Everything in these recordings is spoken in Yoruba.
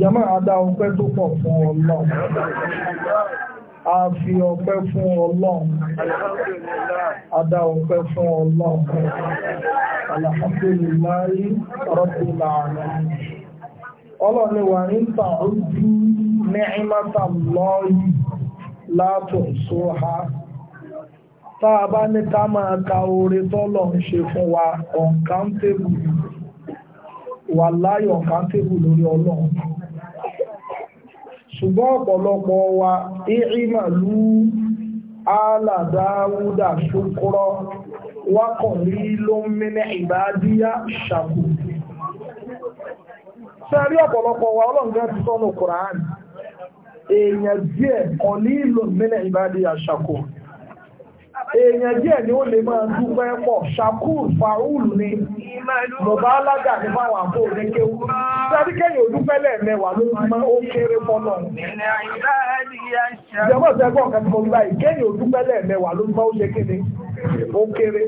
jẹ́mọ́ àdá ọpẹ́ tó pọ̀ fún ọlọ́run a fi ọpẹ́ fún ọlọ́run àdá ọpẹ́ fún ọlọ́run alhamdulillahi rabbil alamin ọlọ́run wà ní tàójú ni'mata Allahi la tuhsuha táa bá ní ká máa ka oore tọ́lọ̀ fún wà láyọ̀ lórí ṣùgbọ́n ọ̀pọ̀lọpọ̀ wa ìrìnàlú aládàáwúdà ṣokọ́rọ́ wákọ̀lí ló ń mẹ́nẹ́ ìbádíyà ṣàkù sẹ́rí ọ̀pọ̀lọpọ̀ wa ọlọ́ngá ti èèyàn díẹ̀ ló ń mẹ́nẹ́ ṣàkù èèyàn díẹ̀ ni ó lè máa dúpẹ́ pọ̀ ni ní fáwọn àpò òdékéwú sáré kẹ́yìn òdúpẹ́ lẹ́ẹ̀mẹ́wàá ló ti máa ó kéré fọ́nà ìjọba ìṣẹ́gbọ́n kan ti kọ́ lẹ́ẹ̀mẹ́wàá ló máa ó ṣe kéde ó kéré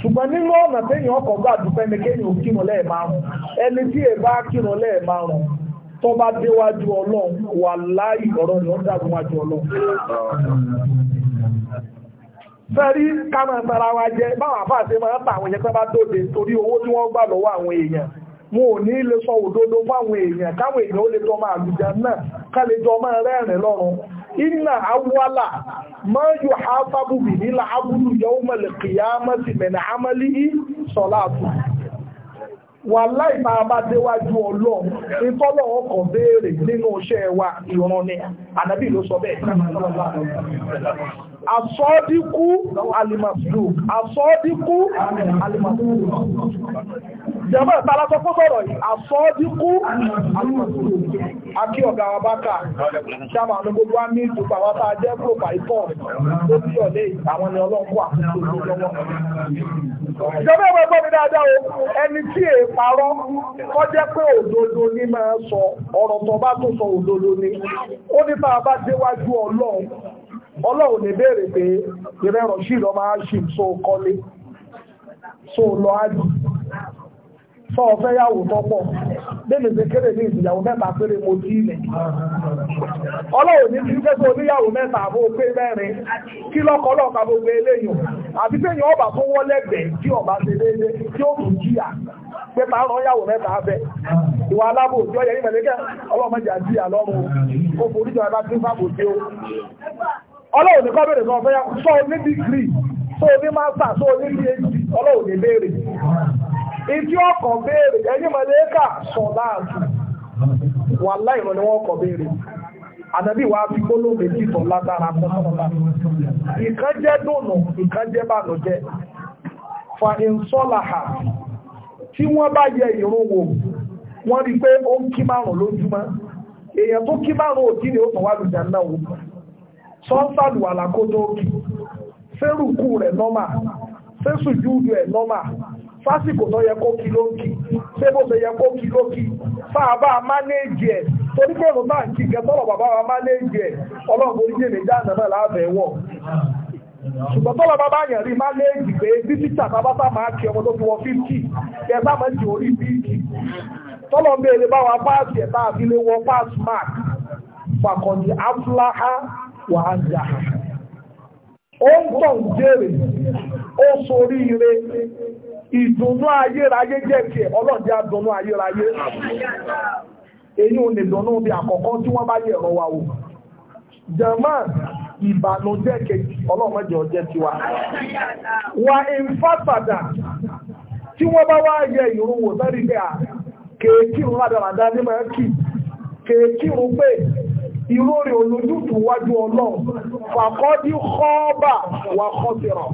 ṣùgbọ́n nínú ọ̀nà téèyàn ọkọ̀ gbà dúpẹ́ ni ò kírun ẹni tí èèbá kírun tó bá fẹ́rí kámọ̀ tara wa jẹ báwọn àfáà ṣe máa ń ta àwọn èèyàn tán bá dóde torí owó tí wọ́n gbà lọ́wọ́ àwọn èèyàn wọn ò ní lè sọ òdodo fáwọn èèyàn káwọn èèyàn ó lè jọ máa lùjà náà ká jọ máa rẹ́rìn lọ́rùn iná awọ́là máa yọ àfábùbì nílà abúlù yóò mọ̀lẹ̀ kìyà mọ́sí mẹ́nà amálí sọ̀láàtù wà láì máa bá déwájú ọlọ́run ìtọ́lọ̀ ọkọ̀ béèrè nínú iṣẹ́ wa ìrọ̀rùn ni ànábì ló sọ bẹ́ẹ̀ asọ́díkú alìmọ̀sílù asọ́díkú alìmọ̀sílù jẹ́mọ́ ìtàlá sọ fún sọ̀rọ̀ yìí asọ́díkú alìmọ̀sílù akí ọ̀gá abáka sáàmà ní gbogbo á ní ìtùpà wá tàà jẹ́ pòpà ìtọ́ tó bí ọ̀lẹ́ àwọn ni ọlọ́nkú àkókò lọ́wọ́ ìjọba ẹgbẹ́ gbọ́ mi dáadáa o ẹni tí è parọ́ kọ́ ọlọ́run lè béèrè pé ìrẹ́rọ̀ sí ìlọ́mà ashim so kọ́lé so lọ ájì sọ ọ̀fẹ́ yàwó tọ́pọ̀ lẹ́mẹ̀ẹ́sẹ̀ kéré ní ìsìyàwó mẹ́ta péré mo tí ilẹ̀ ọlọ́run ní ti oníyàwó mẹ́ta àbó pé mẹ́rin kí lọ́kọ́ ọba yàwó mẹ́ta abẹ́ ìwà alábò tí ó yẹ ọlọ́mọdé ó forí ọlọ́run nìkan bèrè sọ fẹ́yà sọ ní dìgírì sọ ní mástà sọ ní phd ọlọ́run ní béèrè ìdí ọkàn béèrè ẹ̀yìn mọ̀lẹ́kà sọ láàtù wà láìrọ̀ ni wọ́n kọ̀ béèrè àdàbí wàá fi gbólóhùn méjì tó lágbára pọ́npọ́npá ìkan jẹ́ dùnú ìkan jẹ́ bànújẹ́ fa ìsọ́làhà tí wọ́n bá yẹ ìrun wò wọ́n rí pé ó ń kí márùn lójúmọ́ èèyàn tó kí márùn òdí ni ó tàn lùjà náà wò sọ́ńsàlù àlàkódókì sẹ́rùkù rẹ̀ nọ́mà sẹ́sùjúdù ẹ̀ nọ́mà fásìkò tó yẹ kó kí lókì ṣé bó ṣe yẹ kó kí lókì fáàbà mánéèjì ẹ̀ torí pé òun náà kí kẹtọ́rọ̀ bàbá wa mánéèjì ẹ̀ ọlọ́run orí jẹ́ lè dáná láàbẹ̀ wọ̀ ṣùgbọ́n tọ́lọ bá bá yàn rí máa léèjì pé bísítà bá bá máa kí ọmọ tó fi wọ 50 ẹ̀bá máa jù orí bíìkì tọ́lọ bèèrè bá wa páàsì ẹ̀bá àfilé wọ páàsì mark fàkọ̀dì wàhálà ó ń tàn jèrè ó sorí ire ìdùnnú ayérayé jẹ́ tiẹ̀ ọlọ́dẹ àdùnnú ayérayé èyí ò dùnnú bí àkọ́kọ́ tí wọ́n bá yẹ̀ wa o german ìbànújẹ́ kejì ọlọ́mọdé ọjẹ́ tiwa wà ń tí wọ́n bá wá yẹ à ń ìróòrè olójútù wájú ọlọ́run fàkọ́dí kọ́ọ́bà wà kọ́sìrọ̀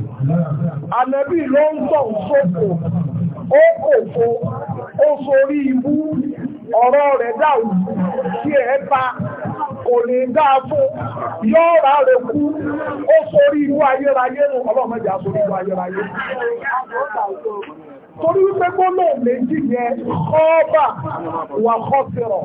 ànẹ́bí ló ń tọ̀ sókò ó kòfo ó sorí ibú ọ̀rọ̀ rẹ̀ dáhùn sí ẹ̀ bá kò lè dáa fún yóò rà rẹ̀ kú ó sorí ibú ayérayé nù ọlọ́mọdé àsorí ibú ayérayé torí wípé gbọ́nà méjì yẹn kọ́ọ́bà wà kọ́sìrọ̀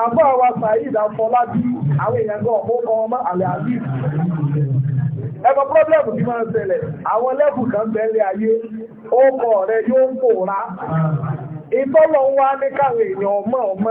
àbọ̀ àwa saheed afọlábí àwọn èèyàn gan ọ̀pọ̀ kan ọmọ àlẹ́ àbí ẹgbẹ́ pọ́blẹ́mù tí máa ń ṣẹlẹ̀ àwọn lẹ́bù kan bẹ́ẹ̀lẹ̀ ayé ó kọ̀ rẹ yóò pòórá ìtọ́lọ́ wa ní káwọn èèyàn ọmọ ọmọ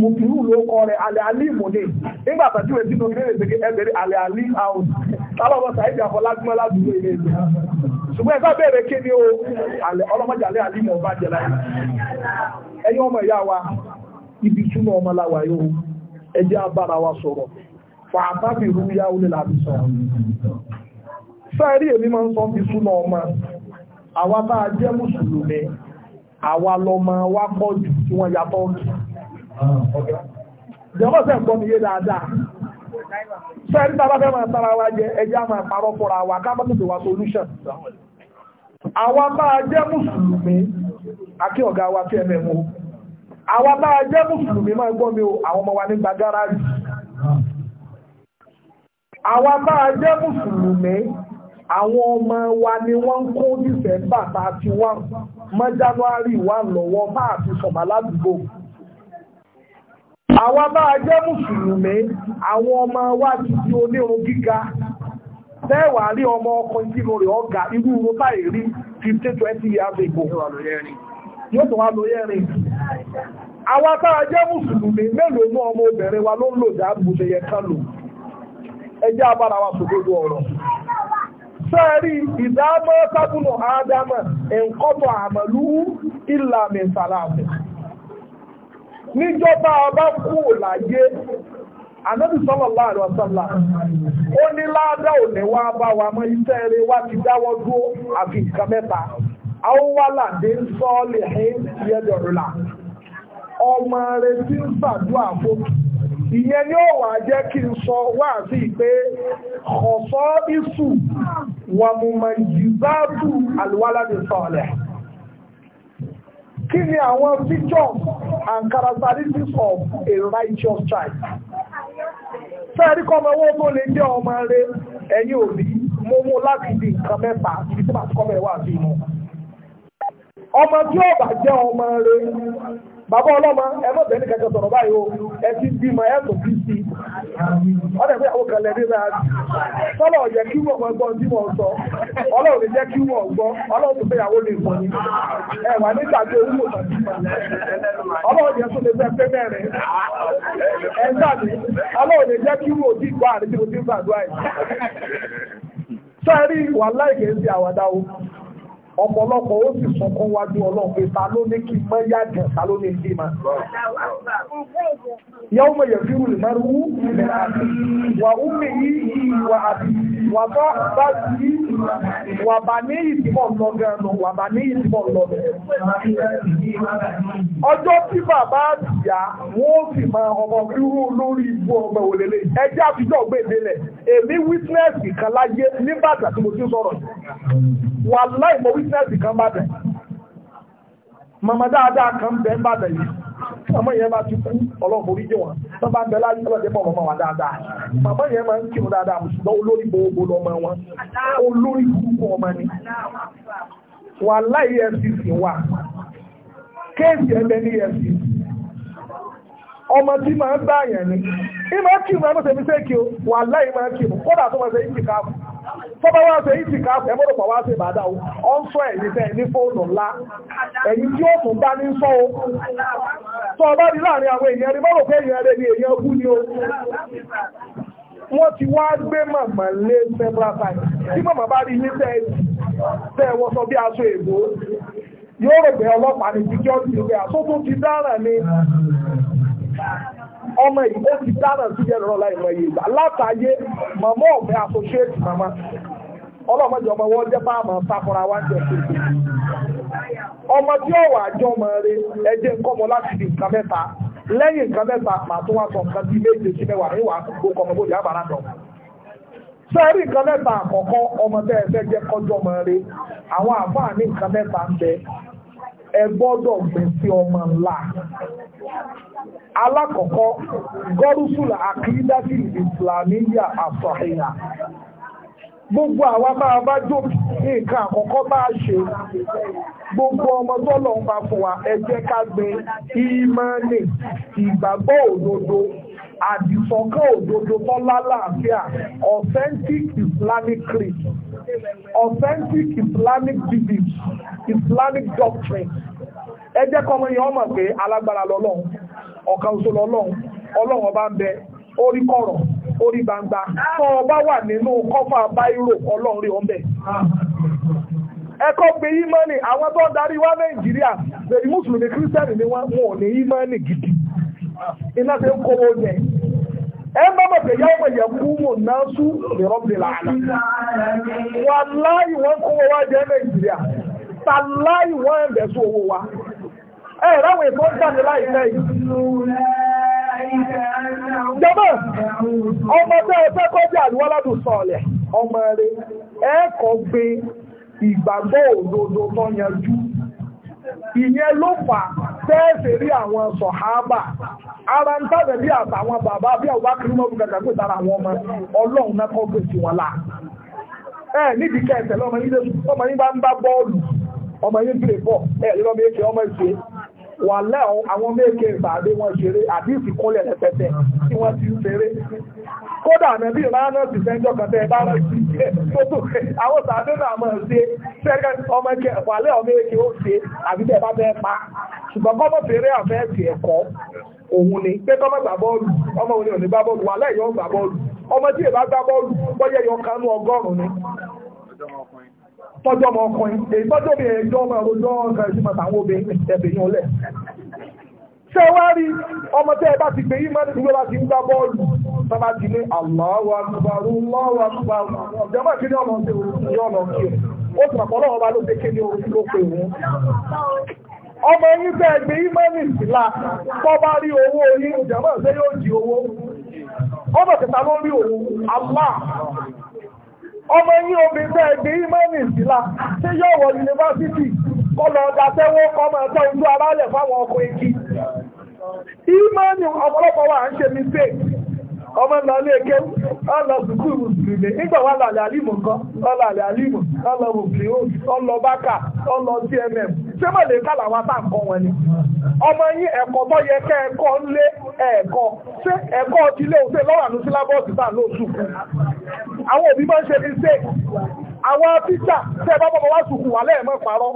mùkìrù ló kọ rẹ̀ alẹ́ alẹ́ ìmọ̀lẹ́ nígbà tàbí rẹ̀ sínú ilé ìrẹsẹ̀ ẹgbẹ̀rẹ̀ alẹ́ alẹ́ àwọn tálọ́bọ̀ sàíjà fọlágbọ́n ládùúgbò ilé ìrẹsẹ̀ ṣùgbọ́n ẹ̀fà bẹ̀rẹ̀ kí ni ó ọlọ́mọdé alẹ́ alẹ́ ìmọ̀ bá jẹ láyé ẹ̀yin ọmọ ìyá wa ibi túnú ọmọ láwa yóò ẹjẹ́ abára wa sọ̀rọ̀ fàábàbí ìrú yá ó lè láti sọ̀rọ̀ sáàrí máa ń pọ̀ jù tí wọ́n yàtọ̀ ọ̀tún ìjọba sẹ́ gbọ́ mi yé dáadáa sọ ẹni bàbá fẹ́ máa tara wa jẹ ẹjẹ́ máa parọ́ fọ́ra wa ká bọ́tò wa solution àwa máa jẹ́ mùsùlùmí àkí ọ̀gá wa tí ẹ̀mẹ̀ wo àwa máa jẹ́ mùsùlùmí máa gbọ́ mi o àwọn ọmọ wa ní gba gáràjì àwa máa jẹ́ mùsùlùmí àwọn ọmọ wa ni wọ́n ń kó December thirty one mọ́ January one lọ́wọ́ máa fi sọ̀mọ́ ládùúgbò àwa bá a jẹ́ mùsùlùmí àwọn ọmọ wa ti di onírun gíga tẹ́wà rí ọmọ ọkùnrin tí mo rẹ̀ ọ̀gá irú ro báyìí rí fifteen twenty years ago yóò tó wá lóyè rìn àwa bá a jẹ́ mùsùlùmí mélòó inú ọmọ obìnrin wa ló ń lò dá bùṣe yẹ kán lò ẹjẹ́ abára wa sòdodo ọ̀rọ̀ sẹ́ẹ̀rí ìdámọ́ sábùnà ádámà ẹ̀ńkọ́tọ̀ àmàlú ìlàmì níjọba ọba kú láyé ànábì sallallahu alaihi wasallam ó ní láàdá ò ní wá bá wa mọ́ iṣẹ́ eré wá ti dáwọ́ àfi nǹkan mẹ́ta àwọn wà ń lè ọmọ rẹ̀ ti ń isu wàmùmọ̀ kí ni àwọn features and characteristics of a righteous child fẹ́ẹ̀rí kọ́mọ owó tó lè jẹ́ ọmọ rẹ ẹ̀yin òbí mo mú láti di nǹkan mẹ́ta ibi tí màá kọ́mọ ẹ̀ wà sí ọmọ tí ó bá jẹ́ ọmọ rẹ bàbá ọlọ́mọ ẹmọ́ bẹ̀ẹ́ ní sọ̀rọ̀ báyìí o ẹ ti bí ma bí sí ọdẹ àwọn kan lẹ́ni náà sọ́lọ̀ ọ̀yẹ́ kí wọ́n mọ̀ gbọ́n tí wọ́n sọ ọlọ́run lè jẹ́ kí wọ́n gbọ́ ọlọ́run tó fẹ́ ìyàwó lè mọ̀ ní ẹ̀wà nígbà tó wúlò ọlọ́run lè jẹ́ kí wọ́n ti gbọ́ ọ̀pọ̀lọpọ̀ ó sì sunkún wájú ọlọ́run ta ló ní kí mọ́ yájẹ̀ ta ló ní kí máa. yàwó mọ̀ yẹ̀ fírù lè mẹ́rù àti wà ó yí wà bá bá sí wà ní ìdìbọ̀ lọ́gẹ̀ wà ní lọ́gẹ̀. ọjọ́ tí bàbá wọ́n máa ọmọ lórí ibú ọmọ òlélẹ̀ wàláì mo wítínẹ́sì kan bá bẹ̀ màmá dáadáa kan bẹ̀ ń bá bẹ̀ yìí màmá yẹn bá ti kú ọlọ́pàá orí wọn tó bá ń bẹ láyé ọlọ́dẹ pọ̀ màmá wa dáadáa màmá yẹn máa ń kírun dáadáa ṣùgbọ́n olórí gbogbo lọ́mọ wọn olórí kúkú ọmọ ni wàláì EFCC wà kéèsì ẹgbẹ́ ní EFCC ọmọ tí yẹn ni ìmọ̀ kírun ẹgbẹ́ tẹ̀mí sẹ́kì wàláì máa kódà tó máa tọ́ba wá ṣe ìsì káàfẹ́ mọ́rọ̀ pàwá ṣe bàdá o ọ ń sọ ẹ̀yìn tẹ́ ní fóònù ńlá ẹ̀yìn tí ó tún bá ní sọ o tọ́ ọba ní láàrin àwọn èèyàn rí mọ́rọ̀ pé èèyàn rẹ̀ ni èèyàn kú ni o wọ́n ti wá gbé màmá lé several times tí màmá bá rí ní tẹ́ tẹ́ wọ́n sọ bí aṣọ èbó yóò rò pé ọlọ́pàá ní síkíọ́tì rẹ̀ àtúntò ti dára ni ọmọ yìí ó ti dáná sí yẹn lọ́rọ̀ láì mọ iye ìgbà mama màmá ọmọ wọn jẹ́ máa ma sáfúnra ọmọ tí ó wà jọ ọmọ rẹ ẹjẹ ọmọ láti di nǹkan mẹ́ta lẹ́yìn nǹkan mẹ́ta màá tún wá sọ nǹkan bíi méje sí kó ọmọ bó nǹkan alákọ̀ọ́kọ́ gọ́rùsùl àkídásí ìsìlámíyà àfọ̀hìyà gbogbo àwa bá a bá jó nǹkan àkọ́kọ́ bá a ṣe gbogbo ọmọ tọ́lọ̀ ń bá fún wa ẹ jẹ́ ká gbé ìgbàgbọ́ òdodo àdìsọ́kàn òdodo tó authentic Islamic creed authentic Islamic belief, Islamic doctrine ẹ jẹ́ kọ́mọ yẹn ọmọ pé alágbára lọ́lọ́run ọ̀kan oṣù lọ́lọ́run ọlọ́run ọba ń bẹ orí kọ̀rọ̀ gbangba ọba wà nínú kọ́fà báírò ọlọ́run rí ọ̀nbẹ. ẹ̀kọ́ gbé ìmọ̀nì àwọn tó ń darí wá nàìjíríà bẹ̀rẹ̀ mùsùlùmí kírísítẹ́nì ni wọn ní gidi iná ti ń ẹ bá bọ̀ pé kú náà sú ìrọ́bìnrin làálà wàláì wọn wá e láwọn èkó ń jáde láìpẹ́ yìí. Jọba, ọmọ tẹ́ ẹ fẹ́ kọjá àlúwọ́ládù sọ̀lẹ̀, ọmọ rẹ̀ ẹ kọ́ gbé ìgbàgbọ́ òdodo tó yanjú. Ìyẹn ló fà tẹ́ẹ̀sì rí àwọn sọ̀hábà. Ara ń tàbẹ̀ bí àtàwọn bàbá bí àwọn akérè bí kàkà pé tara àwọn ọmọ ọlọ́run náà bá ń bá bọ́ọ̀lù, ọmọ yín bọ̀, wà lẹ́ọ̀ àwọn méèké ìbàdé wọn ṣeré àdíìsì kúnlẹ̀ rẹpẹtẹ tí wọ́n ti ń ṣeré kódà nàbí ìmáná sì fẹ́jọ́ kan tẹ́ bá rẹ̀ sí tótó àwọn sàdé náà mọ̀ ṣe fẹ́rẹ́ ọmọ ẹkẹ wà lẹ́ọ̀ méèké ó ṣe àbí tẹ́ bá fẹ́ pa ṣùgbọ́n kọ́mọ́ fèrè àfẹ́ ti ẹ̀kọ́ òun ni pé kọ́mọ́ gbà bọ́ọ̀lù ọmọ òun ni ò ní gbá bọ́ọ̀lù wà lẹ́yìn tí èbá gbá bọ́ọ̀lù bọ́yẹ̀ yọ kanú ọgọ́rùn-ún ni tọ́jọ́ ọmọ ọkùnrin èyí tọ́jọ́ bí ẹjọ́ ọmọ ọjọ́ ọ̀sẹ̀ ìṣúná àwọn obìnrin ẹ̀bẹ̀ yín ṣé wá rí ọmọ tẹ́ ẹ bá ti gbé máa ń gbá bọ́ọ̀lù tó bá ti ní kí ni ọmọ ṣe òun ọ̀nà kí ó sì pàpọ̀ ló ṣe kí ni ló ọmọ yín ọmọ yín obìnrin ẹ̀dẹ́ ìmọ̀nì ìsìlá tí yóò wọ yunifásitì kọ́ lọ dàtẹ́wọ́ kọ́ máa tọ́ ìlú aráàlẹ̀ fáwọn ọkọ̀ èkì ọ̀pọ̀lọpọ̀ wà ń ṣe ọmọ lọ ilé eke ọlọ sùkúù mùsùlùmí nígbà wà lálẹ́ ọlọ ọlọ ọlọ bákà ọlọ ṣé mọ̀ lè wá wọn ni ọmọ yín ẹ̀kọ́ tó yẹ kẹ́ ẹ̀kọ́ ẹ̀kọ́ ṣé ẹ̀kọ́ ti lé òṣè àwọn òbí máa ń ṣe àwọn bá bọ́ wá wà lẹ́ẹ̀mọ́ parọ́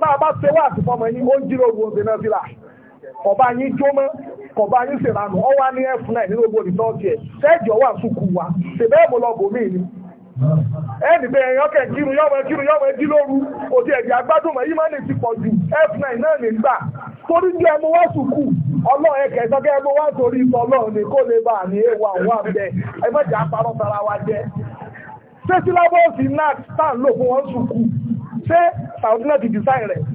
bá a bá ṣe wá àtìfọ́mọ kọ̀bá anyị sì anụ ọ wá ní f9 nínú owó rìsọ́ọ̀tì ẹ̀ sẹ́ẹ̀jì ọwọ́ àsùkù wa ṣèbẹ́ ẹ̀mọ́ lọ bòmí ni ẹnì bẹ́ẹ̀ èèyàn kẹ̀ kírun ya lóru òtí agbado agbádùn ime yìí f9 náà lè gbà torí ju ẹmu wá sùkù ọlọọ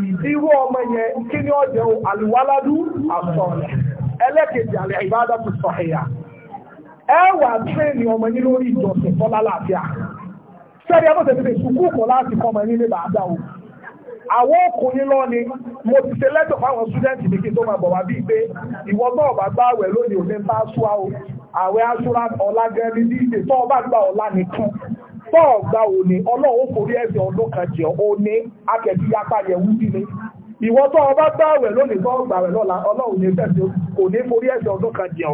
irú ọmọ yẹn kí ni ọ jẹ́ àlùwáládú àsọ̀rẹ̀ ẹlẹ́kejì àlẹ́ ìbádà tó sọ ẹ̀yà ẹ wà tírẹ́ẹ̀nì ọmọ lórí ìjọsìn tọ́lá láàfíà sẹ́ni abọ́sẹ̀ ti lè sùkúù kọ́ láti kọ́ ọmọ bàádà o àwọn ọkùnrin lọ ni mo ti ṣe lẹ́tọ̀ fáwọn kí n tó máa bọ̀ wá bíi pé ìwọ náà bá gbá àwẹ̀ lónìí òní bá àwẹ̀ tọ́ọ̀ gba òní ọlọ́run forí ọdún kan jẹ́ òní akẹ́bí yapa yẹ̀wú bí ni ìwọ tó ọba lónìí tó lọ́la ọlọ́run ní forí ọdún kan ọ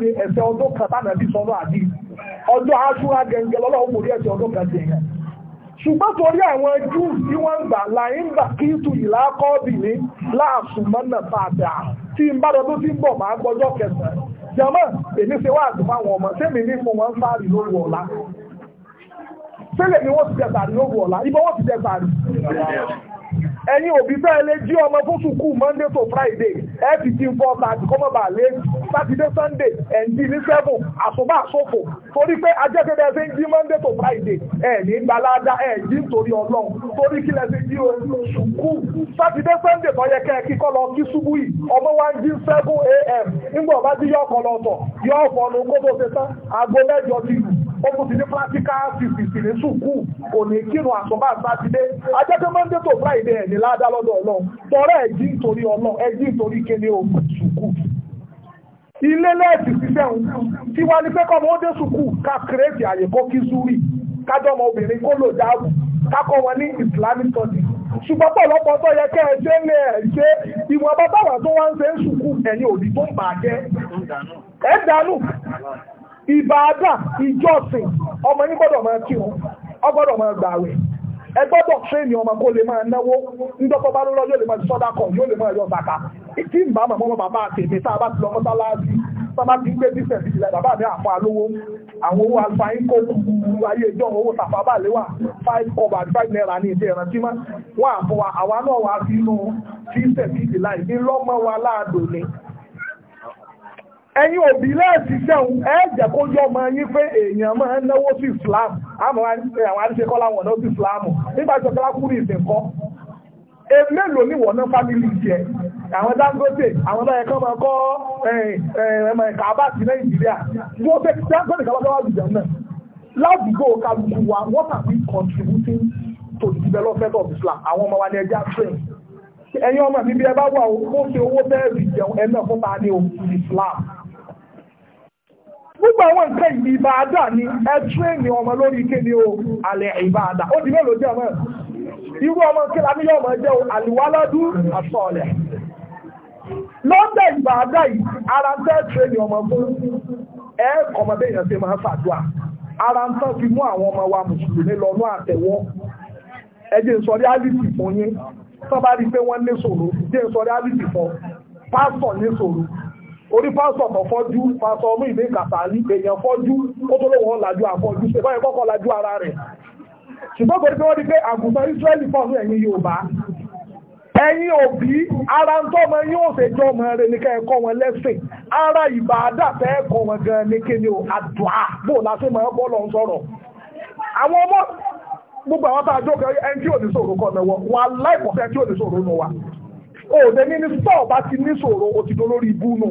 ni ọdún kan tánà bí sọ́nà àdí ọjọ́ aṣúra lọ́lọ́run forí ọdún kan yẹn ṣùgbọ́n torí àwọn tí wọ́n ń gbà láì ń gbà kí ìlà kọ́ọ̀bì ti ń bọ̀ máa gbọ́jọ́ jama èmi wa wá wọn àwọn se sẹ́mi ní fún wọn sáàrì ọla ọ̀la sẹ́lẹ̀ ni wọ́n ti jẹ sàárì lóru ọ̀la ibà wọ́n ti jẹ sàárì ẹ̀yin òbí bẹ́ẹ̀ lé jí ọmọ fún sùkú monday to friday ẹ̀ẹ́dì tí ń fọ́ láti kọ́mọ́ bà lé saturday sunday ẹ̀ǹdì ní seven àsùnbà àsòfò torí pé ajẹ́kẹ́dẹ́ ṣe ń jí monday to friday ẹ̀ẹ́dì gbalada ẹ̀ẹ́dì torí ọlọ́run torí kí lẹ́sẹ̀ jí o sùkú saturday sunday tó yẹ kẹ́ kíkọ́ lọ kí ṣubú yìí ọmọ wa ń jí seven a.m. nígbà ọba tí yọ ọkọ̀ lọ sọ yọ ọkọ̀ ọ̀nà kó tó ó tún ti ní practical fifty ní sùkú kò ní kírun àsọ̀bá sátidé ajẹ́pẹ́ monday to friday ẹ̀ ní ládá lọ́dọ̀ ọlọ́run tọrọ ẹ̀ jí nítorí ọlọ́run ẹ̀ jí nítorí kéde o sùkú. ilé lẹ́ẹ̀sì ṣiṣẹ́ òun tí wàá ní pé kọ́ ọmọ ó dé sùkú ká kírètì àyè kó kí zuri kájọ́ ọmọ obìnrin kó lò dáàbò kákọ́ wọn ní islamic studies ṣùgbọ́n pọ̀lọpọ̀ tó yẹ kẹ́ ẹ ṣe lé ẹ ṣe ìwọ̀n bàbá wà tó wá ń ṣe ń sùkú ẹ̀yìn òbí tó ń bàjẹ́ ẹ̀ dànù ìbáadà ìjọsìn ọmọ yín gbọ́dọ̀ máa ọ máa ẹ gbọ́dọ̀ ọmọ kó lè máa náwó ńdọ́kọ́ bá lọ́rọ́ yóò lè máa sọ́dá kan yóò lè máa yọ bàtà tí ń bá màmá ọmọ bàbá àtẹ̀mí tá a bá ti lọ a bá ti gbé dísẹ̀ sí ilẹ̀ bàbá mi alówó àwọn owó alfa kó ayé ìjọ owó tàfà bá five five Enyi òbí láti jẹun ẹ̀ẹ́jẹ̀ kó ọmọ yín pé èèyàn máa ń náwó sí Islam àwọn àdìsẹ́ kọ́ láwọn ọ̀nà sí Islam nígbà tí ọ̀kọ́lá kúrò ìsìn kọ́ mélòó ní wọ̀nà fámìlì jẹ àwọn Dangote àwọn báyẹn kan máa kọ́ ẹ̀ka fẹ́ wa what are we contributing to the development of Islam àwọn ọmọ wa ẹja train ọmọ mi bí ẹ bá wà ó gbogbo àwọn nǹkan ìlú ìbáadà ni ẹ tírénì ọmọ lórí kéde o àlẹ ìbáadà ó di mélòó jẹ ọmọ irú ọmọ kíla ní yọmọ jẹ o àlùwáládú àsọọlẹ lọ́dẹ̀ ìbáadà yìí ara ń tẹ́ tírénì ọmọ fún ẹ kọmọdé èèyàn ṣe máa fàdúà ara ń tán fi mú àwọn ọmọ wa mùsùlùmí lọ́nú àtẹ̀wọ́ ẹ jẹ́ sọ reality fún yín tó bá rí pé wọ́n ní sòrò jẹ́ sọ reality fún pásítọ̀ ní sòrò orí pásítọ̀ tó fọ́jú pásítọ̀ ọmú ìdè kàtàlí èèyàn fọ́jú ó tó lóun ọ̀làjú àfọ́jú ṣe báyìí kọ́kọ́ lajú ara rẹ̀ ṣùgbọ́n kò ní pé wọ́n di pé àgùntàn Ísírẹ́lì fọ́ọ̀nù ẹ̀yin Yorùbá ẹ̀yin òbí ara ń tọ́mọ yóò ṣe jọ ọmọ rẹ̀ ní kẹ́ẹ̀kọ́ wọn lẹ́sìn ara ìbàdà fẹ́ẹ̀kọ́ wọn gan ní kí ni o àdùá bò láti mọ̀ ọ́pọ̀ lọ sọ̀rọ̀ àwọn ọmọ gbogbo àwọn tá a jókòó ẹni tí ò ní sòrò kọ́ mẹ́wọ́ wọn aláìkọ̀ọ́fẹ́ tí ò ní sòrò nù wa òde mínísítà ọba ti ní sòro o ti dolórí ibú nù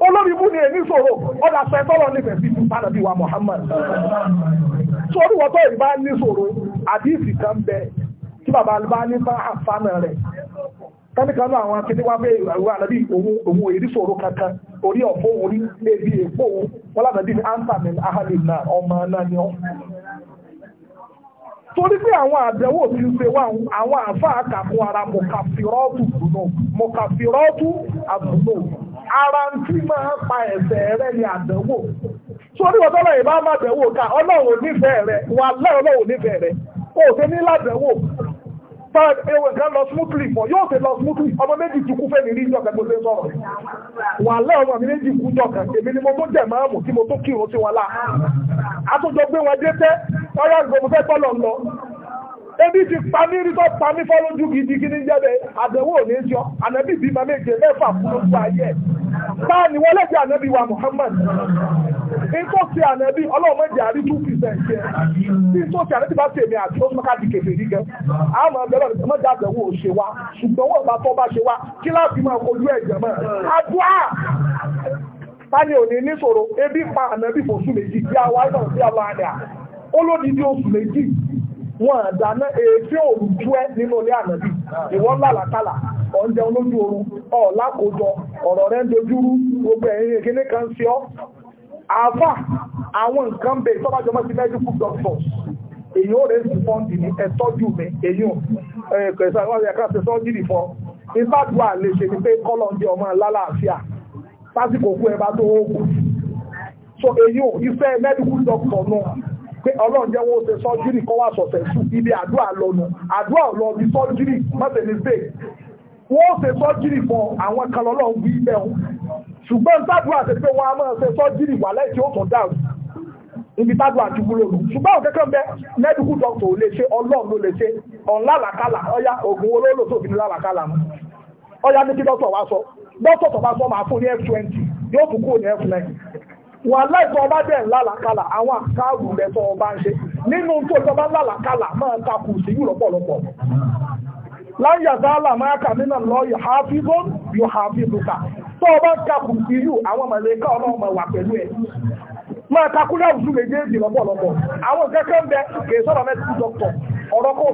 olórí ibú ni èmi sòro ọ̀dà sọ ẹ̀tọ́rọ̀ nífẹ̀ẹ́ wa Muhammad sórí wọ́tọ̀ ìbá ní sòro àdìsí kan bẹ tí bàbá ní bá rẹ̀ náà àwọn akéde wá ìwà òun èrí kankan orí ọ̀fọ́ orí ebi èpo ní mi torí pé àwọn àbẹ̀wò tí ń ṣe wá àwọn àfáà kàkó ara mọ̀kàfírọ́ọ̀tù dùnú mọ̀kàfírọ́ọ̀tù àdùnú ara ń tí máa pa ẹ̀ṣẹ̀ rẹ ni àbẹ̀wò torí wọn tọ́lá má bẹ̀wò ká ọlọ́run ẹwọ nǹkan lọ smoothly fọ yóò ṣe lọ smoothly ọmọ méjì ti kú fẹ́mi rí ìjọba tó ṣe sọ̀rọ̀ wà lẹ́ ọmọ mi méjì kú jọ̀kẹ́ èmi ni mo tó jẹ̀ máa mú tí mo tó kírun sí wọn lá àtúnjọ gbé wọn dé tẹ́ ọ̀rọ̀ ìgbòmùfẹ́ tọ́lọ̀ lọ ebi ti pa mí rí tó pa mí fọ́ lójú gidi gidi jẹ́bẹ̀ àdẹ̀wò ní jọ ànábì bímọ méje mẹ́fà fún lójú ayé bá ní wọ́n lẹ́jọ́ ànábì wa Muhammad nítorí ti ànábì ọlọ́run méje àrí two percent jẹ́ nítorí ti ànábì bá tèmi àti ó sọ́kà di kèfè rí gan àmọ́ ẹgbẹ́rún ti mọ́jà àdẹ̀wò ò ṣe wa ṣùgbọ́n wọ́n bá tọ́ bá ṣe wa kí láti máa kojú ẹ̀jẹ̀ mọ́ àdúrà tani òní níṣòro ebi pa ànábì fòṣù méjì bí àwa náà bí àwa àdà ó lódìdí oṣù méjì wọn àdáná èéfín òru tú ẹ nínú ilé ànábì ìwọ lálàkàlà ọ̀njẹ olójú oorun ọ̀ọ́lá kojọ ọ̀rọ̀ rẹ ń dojúrú gbogbo ẹ̀yìn ìkíní kan sí ọ. àfà àwọn nǹkan bẹ́ẹ̀ tọ́bàjọ́ mọ́ sí medical doctors èyí ó rẹ̀ sí fọ́ǹdì ní ẹ̀tọ́jú mi èyí ò ẹ̀kẹ̀sà wọ́n rẹ̀ káàkiri sọ́jìrì fọ́ ìfàdùà lè ṣe ní pé kọ́lọ̀ndì ọmọ lálàáfíà lásìkò kú ẹ bá tó ó kù so èyí ò ìfẹ́ medical doctor náà pé ọlọ́run jẹ́ wọ́n ṣe sọ́jírì kọ́ sọ̀sẹ̀ ibi bí sọ́jírì ṣe sọ́jírì àwọn o ṣùgbọ́n sádùá ṣe pé wọ́n á máa ṣe sọ́jírì wà tí ó dáhùn ibi sádùá ti wúlò nù ṣùgbọ́n òkè kan bẹ mẹ́díkù dọ́kítọ̀ ò lè ṣe ọlọ́run ló lè ṣe olóòlò tó fi ní mu sọ dọ́kítọ̀ tó bá sọ máa fún ní f twenty nine wà láìpọ̀ ọba àwọn àkáàrù rẹ̀ ọba ń ṣe nínú tó máa sí láyé àtàlà lọ tó ọba takù sí yìí àwọn mọ̀lẹ́kà ọ̀nà wà pẹ̀lú ẹ̀ máa takú láwùjú méjèèjì lọ́pọ̀lọpọ̀ àwọn kẹ́kẹ́ ń bẹ kì í mẹ́tì dọ́kítọ̀ ọ̀rọ̀ kò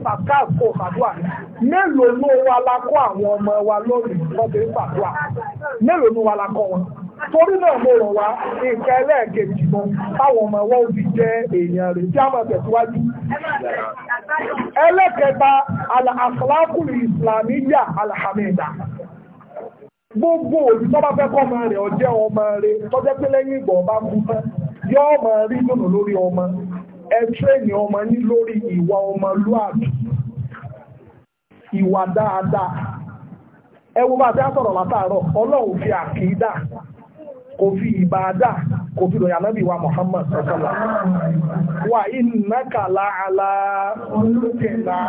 àwọn ọmọ wa lọ́bẹ̀ẹ́ torí náà mo rọ̀ wá nǹkan ẹlẹ́ẹ̀kejì táwọn ọmọ ẹwọ́ jẹ́ èèyàn rẹ̀ tí a máa tẹ̀síwájú. ẹlẹ́kẹta àkàlákùnrin ìsìlámì gbogbo òbí bá fẹ́ kọ́ ọmọ rẹ̀ ọjẹ́ ọmọ rẹ̀ tọ́jẹ́ pé lẹ́yìn ìgbà ọba kú yọ ọmọ rí lórí ọmọ ẹ ọmọ lórí ìwà ìwà dáadáa ẹ wo bá a ti sọ̀rọ̀ látàárọ̀ kò fi ìbáadà kò fi ròyìn anábì wa Muhammad sọ́sọ́lá wà innaka la'ala olókè náà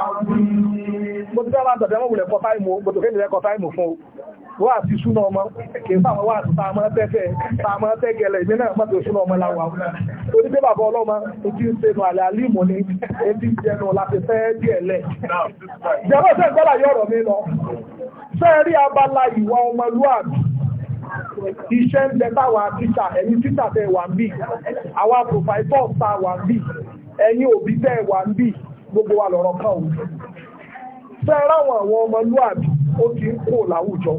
mo ti dára àtọ̀dẹ̀ mọ́ wùlẹ̀ kọta ìmò gbogbo kéèlẹ̀ kọta ìmò fún wà sí súnà ọmọ kì í fáwọn wà sí tààmọ́ tẹ́fẹ́ tààmọ́ tẹ́gẹ̀lẹ̀ ìmì náà mọ́tò súnà ọmọ láwà ó ní pé bàbá ọlọ́mọ ojú ń sẹ́nu àlẹ́ àlímù ní ebi jẹnu láti fẹ́ díẹ̀ lẹ̀ jẹ́rọ̀ sẹ́ iṣẹ́ ń bẹ táwa títà ẹ̀yin títà tẹ wà ń bì àwa pòfàìtọ́ ta wà ń bì ẹ̀yin òbí tẹ wà ń bì gbogbo wa lọ́rọ̀ kan ò fẹ́ ráwọn àwọn ọmọlúàbí ó ti ń kó láwùjọ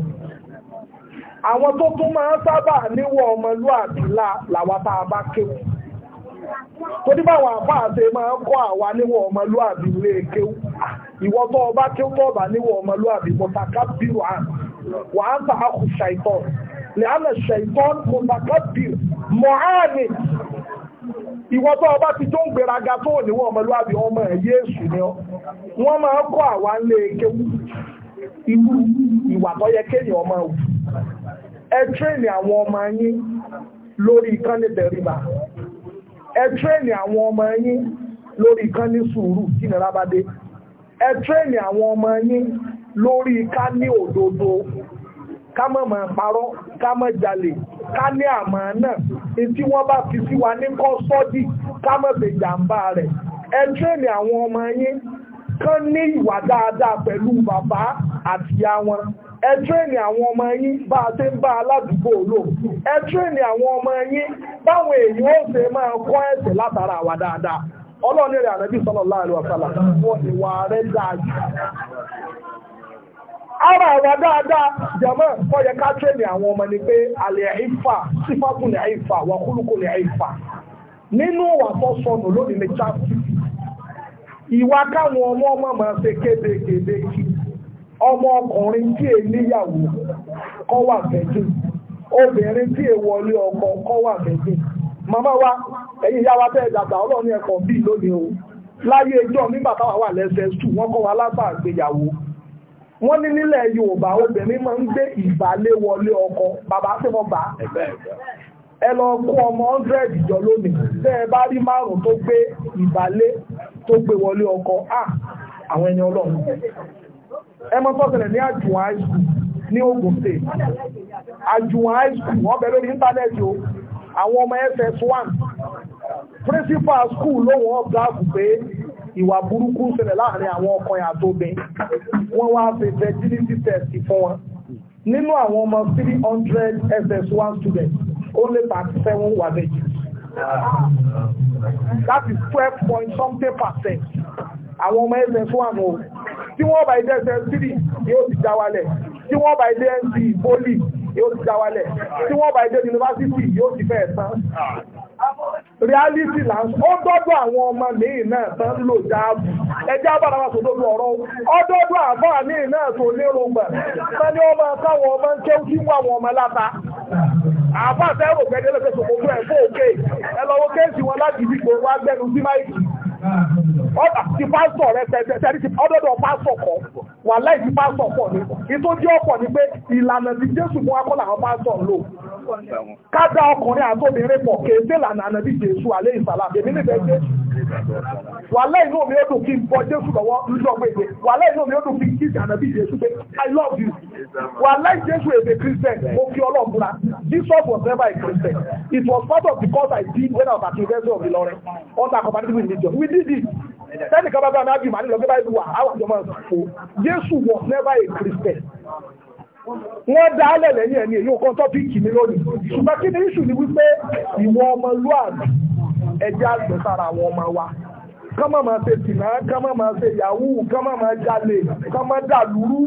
àwọn tó tún máa ń sábà níwọ̀ ọmọlúàbí làwa tá a bá kéwù tó ní báwọn àbá àti máa ń kọ́ àwa níwọ̀ ọmọlúàbí lè kéwù ìwọ tó ọba kéwù tó ọba níwọ̀ ọmọlúàbí mọ̀tàkà bírò àn wà á ń ta àkùṣà ìtọ́ lẹ́hánà ṣẹ̀tọ́n mọ̀tàkọ́bìr mọ̀hánì ìwọ́n tó ọba ti tó ń gbéraga tó níwọ̀n ọmọlúwàbí ọmọ ẹ̀ yéésù ni ọ wọ́n máa ń kọ́ àwa ńlé kéwú irú ìwà tó yẹ kéèyàn ọmọ wù ẹ tírèèni àwọn ọmọ yín lórí ìkànnì dẹ̀rìbà ẹ tírèèni àwọn ọmọ yín lórí ìkànnì sùúrù kí nira bá ẹ tírèèni àwọn ọmọ yín lórí ká òdodo ká má máa parọ́ ká má jalè ká ní àmọ́ náà etí wọ́n bá fi sí wa ní kọ́sọ́dì ká má ṣe jàǹbá rẹ̀ ẹ tírèèni àwọn ọmọ yín kán ní ìwà dáadáa pẹ̀lú bàbá àtìyá wọn ẹ tírèèni àwọn ọmọ yín bá a ṣe ń bá aládùúgbò lò ẹ tírèèni àwọn ọmọ yín báwọn èèyàn ó ṣe máa kọ́ ẹ̀sẹ̀ látara àwa dáadáa ọlọ́ọ̀ni rẹ̀ ànábì sallallahu alaihi wasallam ara àwọn dáadáa jama ọ̀yẹ ká tẹ̀lé àwọn ọmọ ni pé àlẹ́ ifa sífàkùn ní ifa wàkúlùkù nínú wà tó sọnù lónìí ní chapter ìwà káwọn ọmọ ọmọ máa ṣe kébékébé kí ọmọ ọkùnrin tí è ọkọ wà wa ìyá wa dàgbà o láyé wà sùn àgbéyàwó wọ́n ní nílẹ̀ Yorùbá obìnrin máa ń gbé ìbálé wọlé ọkọ bàbá tí wọ́n bá ẹ lọ kó ọmọ hundred jọ tẹ́ bá rí márùn tó gbé ìbálé tó gbé wọlé ọkọ àwọn ẹni ọlọ́run ẹ mọ ní àjùwọ̀n high school ní Ogun high school wọ́n lórí o àwọn ọmọ ss1 principal school lóhùn ìwà burúkú ṣẹlẹ̀ láàrin àwọn ọkùnrin àtobìn wọ́n wá ṣe fertility test fún wọn nínú àwọn ọmọ three hundred ss1 students only thirty seven were virgins that is 12. point something percent àwọn ọmọ ss1 o tí wọ́n bá ilé ss3 yóò ti já wálẹ̀ tí wọ́n bá ilé nc poli yóò ti já wálẹ̀ tí wọ́n bá ilé yunifásitì yóò ti fẹ́ẹ̀ tán reality là ó dọ́dọ̀ àwọn ọmọ míì náà tó ń lò jáàbù ẹjẹ́ abára wa sọ̀dọ̀ lu ọ̀rọ̀ ó dọ́dọ̀ àbá míì náà tó lérò gbà sani ọmọ káwọn ọmọ ń ké kí wọn àwọn ọmọ láta àbá àtẹ́rò gbẹ́dẹ́lẹ́fẹ́ sọ̀kọ̀ fún ẹ̀ fún òkè ẹ lọ́wọ́ kéèsì wọn láti dìbò wá gbẹnu sí máìkì ti pásítọ̀ rẹ tẹ̀lé ti ọdọ́dọ̀ pásítọ̀ wà láì ti pásítọ̀ ni ni ìlànà ti Jésù fún akọ́ làwọn pásítọ̀ lò ká dá ọkùnrin àtòbìnrin pọ̀ kéèké lànà ànàbí Jésù alẹ́ ìsàlà èmi wàhálà inú mi ó dùn kí n bọ Jésù lọ́wọ́ lọ́gbọ̀ èdè wàhálà inú mi ó dùn kí n kíkì ànábì Jésù pé I love you wàhálà Jésù èdè Christian mo fi this Jesus was never a Christian it was part of the course I did when I was at the University of Ilorin under comparative religion we did it sẹ́ni kan bá bá mi á bí màá nílò gbébáyé wà á wà jọmọ fò Jésù was never a Christian wọ́n dá lẹ̀lẹ̀ ní ẹni èyí ò kan tọ́pìkì mi lónìí ṣùgbọ́n kí ni iṣu ni wípé ìwọ ọmọlúwàbí ẹjẹ́ àgbẹ̀ sára àwọn ọmọ wa kọ́mọ̀ máa ṣe tìǹà kọ́mọ̀ máa ṣe yahoo kọ́mọ̀ máa jalè kọ́mọ̀ dàlúrú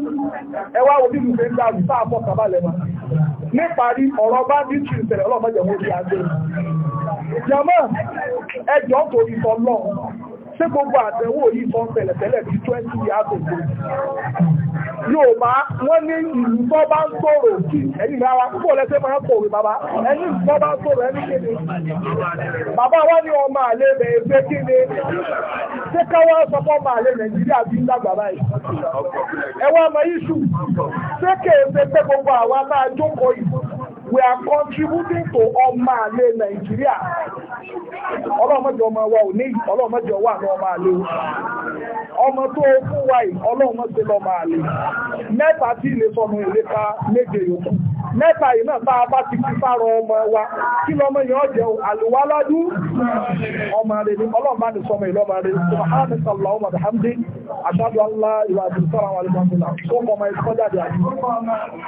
ẹ wá wo bí mo ṣe ń dàlú sáà fọ́ kábàlẹ̀ mọ́ níparí ọ̀rọ̀ bá ní tù ìṣẹ̀lẹ̀ ọlọ́mọdé wọn ti àgbẹ̀ jọmọ́ ẹjọ́ torí sọ lọ ṣé gbogbo àtẹ̀wò yìí sọ ń ṣẹlẹ̀ tẹ́lẹ̀ bíi twenty years ago Yorùbá wọ́n ní ìlú tó bá ń tòrò ẹni ìlú púpọ̀ lẹ́sẹ̀ máa ń tòrò bàbá ẹni ìlú tó bá ń tòrò ẹni kéde. Bàbá wọ́n ní ọmọ àlè rẹ̀ ẹgbẹ́ kéde. Ṣé káwọ́ sọ fọ́ ọmọ àlè Nàìjíríà bí ń dàgbà báyìí? Ẹ̀wọ̀n ọmọ yìí ṣù. Ṣé kèé ṣe pé gbogbo àwa we are contributing to ọmọ àlè nàìjíríà ọlọ́mọdé ọmọ wa ò ní ọlọ́mọdé ní ọmọ ọmọ tó fún wa yìí ọlọ́mọdé lọmọ àlè mẹ́ta tí ilé sọmọ ilé ká méje yòókù yìí náà bá ti ọmọ wa kí lọmọ yìí ọmọ ní sọmọ ọmọ ìwà